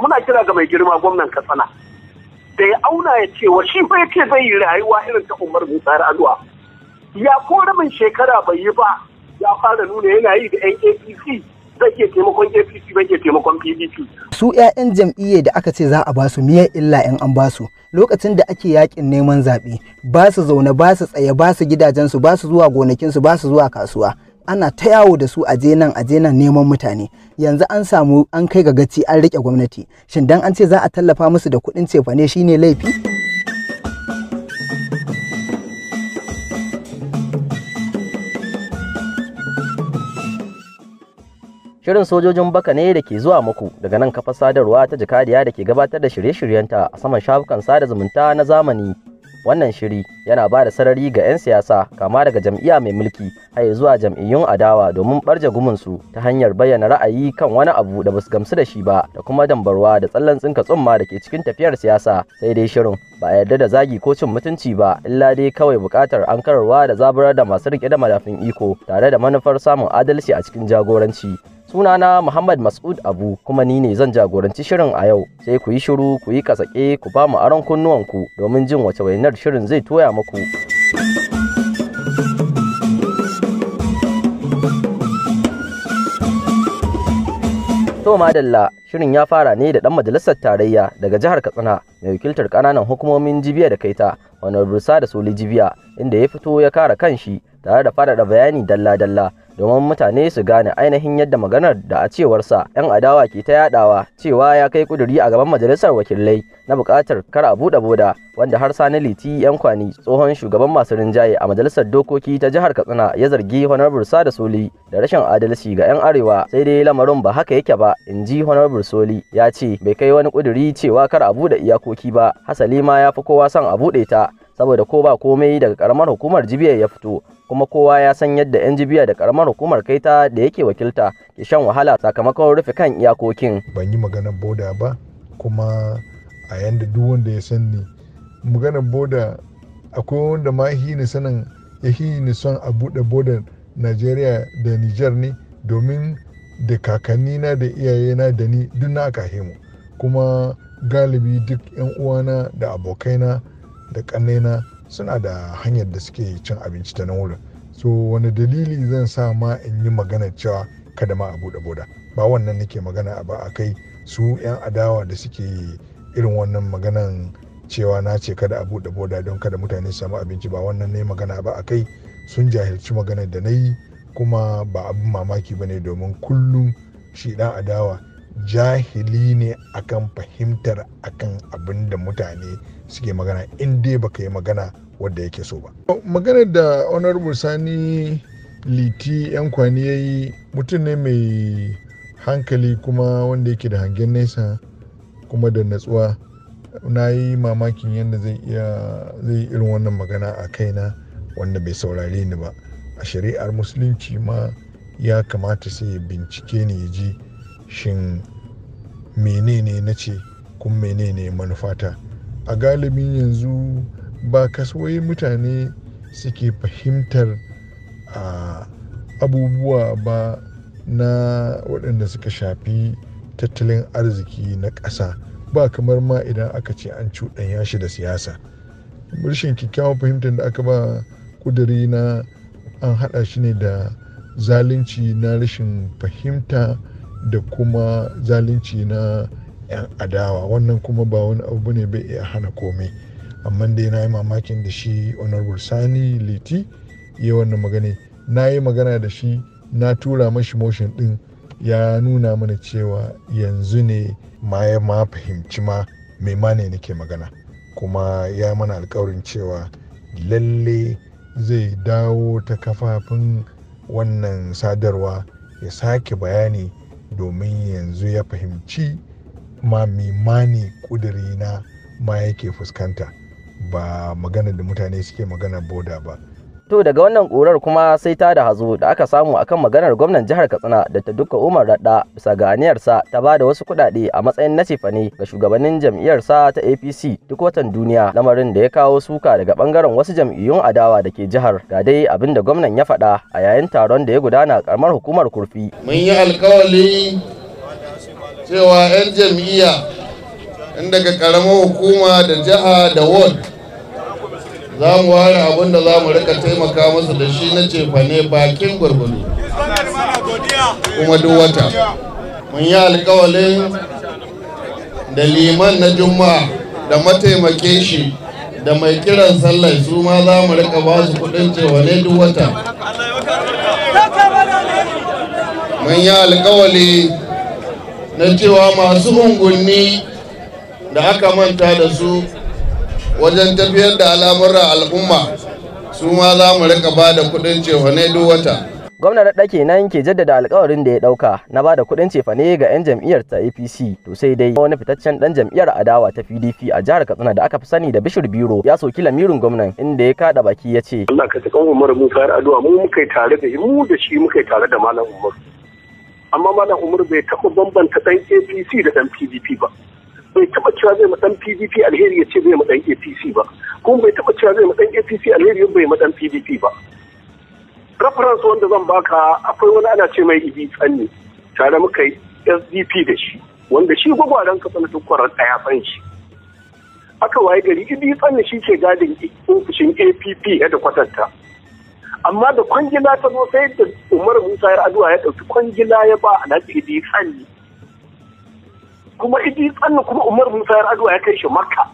muna kira ga mai girma gwamnan katsina da ya auna ya ce wa shi fa ce zai yi rayuwa irin ta umar musayar aduwa ya ko rabin shekara bai yi ba ya fara nuna yana yi da yan apc zai ke taimakon apc bai ke taimakon pdp su 'ya'yan jam'iyyar da aka ce za a ba su miyan illa in an ba su. lokacin da ake yakin neman zaɓe ba su zaune ba su tsaye ba su gidajensu ba su zuwa gonakinsu ba su zuwa kasuwa ana ta yawo da su aje nan aje nan neman mutane yanzu an samu an kai ga gaci an rike gwamnati shin dan an ce za a tallafa musu da kuɗin cefane shine laifi Shirin sojojin baka ne da ke zuwa muku daga nan kafar sadarwa ta jikadiya da ke gabatar da shirye-shiryenta a saman shafukan sada zumunta na zamani wannan shiri yana ba da sarari ga 'yan siyasa kama daga jam'iyya mai mulki har zuwa jam'iyyun adawa domin barje gumunsu ta hanyar bayyana ra'ayi kan wani abu da basu gamsu da shi ba da kuma dambarwa da tsallan tsinka tsumma da ke cikin tafiyar siyasa sai dai shirin ba a yarda da zagi ko cin mutunci ba illa dai kawai buƙatar an da zaburar da masu riƙe da madafin iko tare da manufar samun adalci a cikin jagoranci Sunana Muhammad Mas'ud Abu kuma ni ne zan jagoranci shirin a yau sai ku yi shiru ku yi kasake ku ba mu aron kunnuwanku domin jin wace wainar shirin zai toya muku. To madalla shirin ya fara ne da ɗan majalisar tarayya daga jihar Katsina mai wakiltar ƙananan hukumomin Jibiya da Kaita wani Bursa da Soli Jibiya inda ya fito ya kara kanshi tare da faɗaɗa bayani dalla-dalla domin mutane su gane ainihin yadda maganar da a cewarsa 'yan adawa ke ta yadawa cewa ya kai kuduri a gaban majalisar wakilai na bukatar kar a buɗe boda wanda har sani liti yan kwani tsohon shugaban masu rinjaye a majalisar dokoki ta jihar katsina ya zargi honorable sada soli da rashin adalci ga 'yan arewa sai dai lamarin ba haka yake ba in ji honorable soli ya ce bai kai wani kuduri cewa kar a buɗe iyakoki ba hasali ma ya fi kowa son a buɗe ta saboda ko ba komai daga karamar hukumar jibiya ya fito kuma kowa ya san yadda 'yan jibiya da karamar hukumar kaita da yake wakilta ke shan wahala sakamakon rufe kan iyakokin ban yi maganar boda ba kuma a yanda duk wanda ya san ni maganar boda akwai wanda ma hini sanin ya son a bude boda najeriya da niger ne domin da kakannina da iyayena da ni duk na aka himu kuma galibi duk 'yan uwana da abokaina da ƙannena suna da hanyar da suke cin abinci ta nan wurin so wani dalili zan sa ma in yi magana cewa kada ma a buɗe boda ba wannan nake magana ba a kai su 'yan adawa da suke irin wannan maganan cewa na ce kada a buɗe boda don kada mutane su samu abinci ba wannan ne magana ba a kai sun jahilci maganar da na yi kuma ba abin mamaki ba ne domin kullum shi ɗan adawa jahili ne akan fahimtar akan abin da mutane suke magana in dai baka yi magana wadda yake so ba maganar da honorable sani liti yan kwani ya yi mutum ne mai hankali kuma wanda yake da hangen nesa kuma da natsuwa na yi mamakin yadda zai iya zai irin wannan magana a kaina wanda bai saurare ni ba a shari'ar musulunci ma ya kamata sai ya bincike ne ya ji shin menene na ce kun menene manufata a galibin yanzu ba kasuwai mutane suke fahimtar a abubuwa ba na waɗanda suka shafi tattalin arziki na ƙasa ba kamar ma idan aka ce an cuɗanya shi da siyasa rashin kyakkyawan fahimtar da aka ba kuduri na an haɗa shi ne da zalunci na rashin fahimta da kuma zalunci na 'yan adawa wannan kuma ba wani abu ne bai iya hana komai amma dai na yi mamakin da shi honorable sani liti ya wannan magana na yi magana da shi na tura mashi motion din ya nuna mana cewa yanzu ne ma ya ma fahimci ma mai ma ne nake magana kuma ya mana alkawarin cewa lalle zai dawo ta kafafin wannan sadarwa ya sake bayani domin yanzu ya fahimci ma mimani ƙuduri na ma yake fuskanta ba magana da mutane suke magana boda ba to daga wannan korar kuma sai ta da hazo da aka samu akan maganar gwamnan jihar katsina da ta duka umar radda bisa ga aniyarsa ta ba da wasu kuɗaɗe a matsayin na cefane ga shugabannin jam'iyyar sa ta apc duk watan duniya lamarin da ya kawo suka daga bangaren wasu jam'iyyun adawa da ke jihar ga dai abin da gwamnan ya faɗa a yayin taron da ya gudana a karamar hukumar kurfi. mun yi alkawali cewa 'yan jam'iyya inda daga karamar hukuma da jiha da ward za mu ware abin da za mu rika taimaka masa da shi na cefane bakin gwargwado kuma duk wata mun yi alkawalin da liman na juma da mataimake shi da mai kiran sallar su ma za mu rika ba su kudin cefane duk wata mun yi alkawali na cewa masu hungunni da aka manta da su wajen tafiyar da al'amuran al'umma su ma za mu rika ba da kudin cefane duk wata. Gwamna da ɗake nan ke jaddada alkawarin da ya ɗauka na ba da kuɗin cefane ga 'yan jam'iyyar ta apc to sai dai wani fitaccen ɗan jam'iyyar adawa ta pdp a jihar katsina da aka fi sani da bishir biro ya soki lamirin gwamnan inda ya kada baki ya ce allah ka takan umar mu fayar addu'a mu muka tare da mu da shi muka tare da malam umar amma malam umar bai taɓa bambanta ɗan apc da ɗan pdp ba bai taba cewa zai dan pdp alheri ya ce zai dan apc ba kuma bai taɓa cewa zai dan apc alheri bai dan pdp ba reference wanda zan baka akwai wani ana ce mai ibi tsanni tare muka yi sdp da shi wanda shi gwagwaran na tukwarar ɗaya san shi aka waye gari ibi tsanni shi ke gadin ofishin app yadda kwatanta amma da kwangila ta zo sai da umar musa ya addu'a ya ɗauki kwangila ya ba alhaji ibi tsanni kuma idi tsannan kuma umar musa ya adwa ya kai shi makka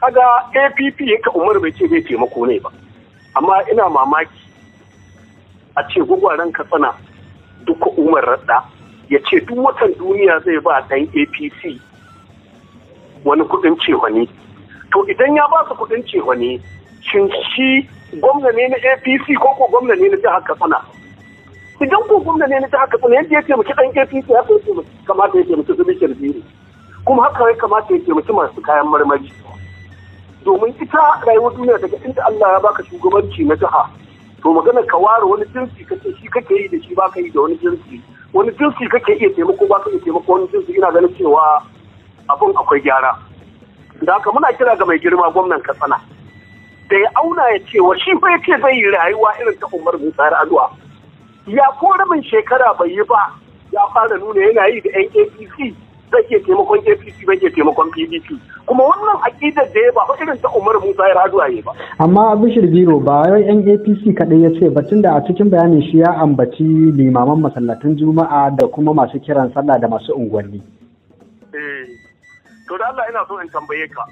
kaga app yake umar bai ce bai taimako ne ba amma ina mamaki a ce gwagwaren katsina duka umar radda ya ce duk watan duniya zai ba dan apc wani kudin cewani to idan ya ba su kudin cewani shin shi gwamna ne na apc ko ko gwamna ne na jihar katsina idan ko gwamna ne ta haka tsana yadda ya taimaki ɗan APC ya taimaki kamata ya taimaki su bishiyar biyu kuma haka ya kamata ya taimaki masu kayan marmari domin ita rayuwar duniya daga inda Allah ya baka shugabanci na jiha to magana ka ware wani jinsi kace shi kake yi da shi baka yi da wani jinsi wani jinsi kake iya taimako baka iya taimako wani jinsi ina ganin cewa abun akwai gyara da haka muna kira ga mai girma gwamnan Katsina da ya auna ya cewa shi fa yake zai yi rayuwa irin ta Umar Musa Yar'adua ya ko rabin shekara bai yi ba ya fara nuna yana yi da yan apc zai ke taimakon apc zai ke taimakon pdp kuma wannan aƙidar da ya ba irin ta umar musa ya raduwa ya ba amma bishir biro ba wai yan apc kaɗai ya ce batun da a cikin bayanin shi ya ambaci limaman masallatan juma'a da kuma masu kiran sallah da masu unguwanni eh, to da Allah ina so in tambaye ka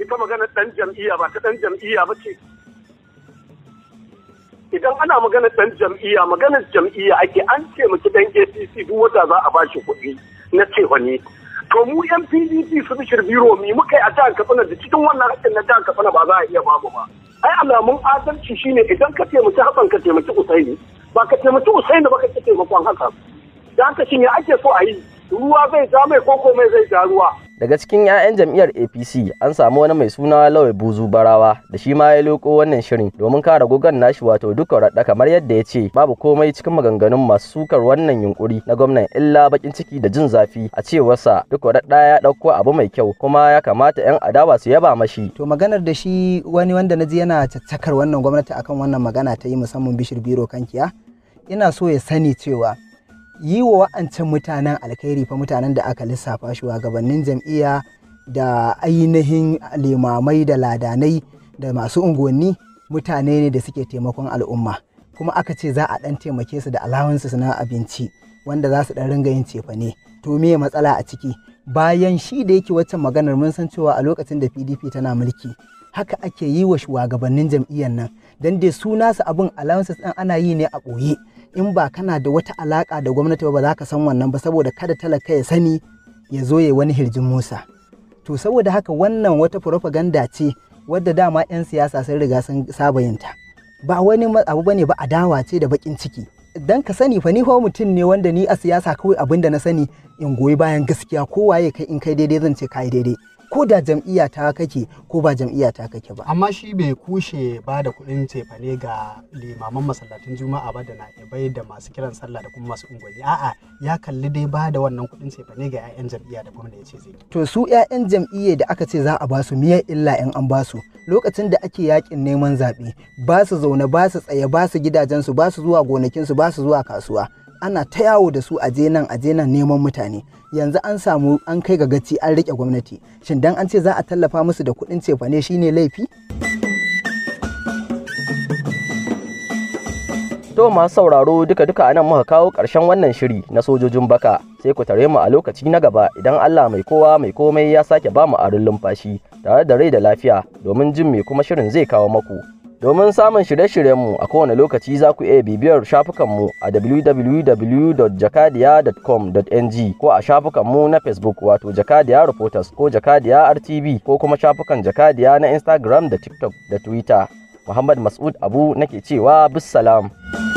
ita maganar ɗan jam'iyya ba ta ɗan jam'iyya ba ce idan ana magana ɗan jam'iyya magana jam'iyya ake an mu ɗan APC duk wata za a bashi kuɗi na cewa ne to mu yan PDP su bishir biro mi muka yi a jihar Katsina da cikin wannan haƙƙin na jihar Katsina ba za a iya babu ba ai alamun adalci shine idan ka taimaki hakan ka taimaki Usaini ba ka taimaki Usaini ba ka kwan haka da ka shine ake so a yi ruwa zai ja mai koko mai zai ja ruwa daga cikin 'ya'yan jam'iyyar apc an samu wani mai suna lawai buzu barawa da shi ma ya loko wannan shirin domin kare gogon nashi wato duka raɗa kamar yadda ya ce babu komai cikin maganganun masu sukar wannan yunkuri na gwamnan illa bakin ciki da jin zafi a cewarsa duka raɗa ya ɗauko abu mai kyau kuma ya kamata 'yan adawa su yaba mashi to maganar da shi wani wanda na ji yana caccakar wannan gwamnati akan wannan magana ta yi musamman bishir biro kankiya ina so ya sani cewa yi wa wa'ancan mutanen alkhairi fa mutanen da aka lissafa shugabannin jam'iyya da ainihin limamai da ladanai da masu unguwanni mutane ne da suke taimakon al'umma kuma aka ce za a ɗan taimake su da alawansu na abinci wanda za su ɗan ringa yin cefane to me matsala a ciki bayan shi da yake waccan maganar mun san cewa a lokacin da pdp tana mulki haka ake yi wa shugabannin jam'iyyar nan dan dai su nasu abin alawansu ɗin ana yi ne a ɓoye in ba kana da wata alaka da gwamnati ba za ka san wannan ba saboda kada talaka ya sani ya zo ya wani hirjin musa to saboda haka wannan wata propaganda ce wadda dama 'yan siyasa sun riga sun saba yinta ba wani abu bane ba adawa ce da bakin ciki dan ka sani fa ni fa mutum ne wanda ni a siyasa kawai abin da na sani in goyi bayan gaskiya ya kai in kai daidai zan ce kai daidai ko da jam'iyya ta kake ko ba jam'iyya ta kake ba amma shi bai kushe ba da kuɗin cefane ga limaman masallatun juma'a ba da na bai da masu kiran sallah da kuma masu unguwanni a'a ya kalli dai ba da wannan kuɗin cefane ga 'ya'yan jam'iyya da gwamna ya ce zai to su 'ya'yan jam'iyya da aka ce za a ba su miyar illa in an ba su, lokacin da ake yakin neman zaɓe ba su zaune ba su tsaye ba su gidajensu ba su zuwa gonakinsu ba su zuwa kasuwa ana ta yawo da su a nan a nan neman mutane yanzu an samu an kai ga gaci an rike gwamnati shin dan an ce za a tallafa musu da kuɗin cefane shine laifi To masu sauraro duka duka anan muka kawo ƙarshen wannan shiri na sojojin baka sai ku tare mu a lokaci na gaba idan Allah mai kowa mai komai ya sake ba mu arin lumfashi tare da rai da lafiya domin jin me kuma shirin zai kawo maku. Domin samun shirye-shiryenmu a kowane lokaci za ku iya bibiyar shafukanmu a www.jakadiya.com.ng ko a shafukanmu na Facebook wato Jakadiya Reporters ko Jakadiya RTV ko kuma shafukan Jakadiya na Instagram da TikTok da Twitter. Muhammad Mas'ud Abu nake cewa bisalam. salam.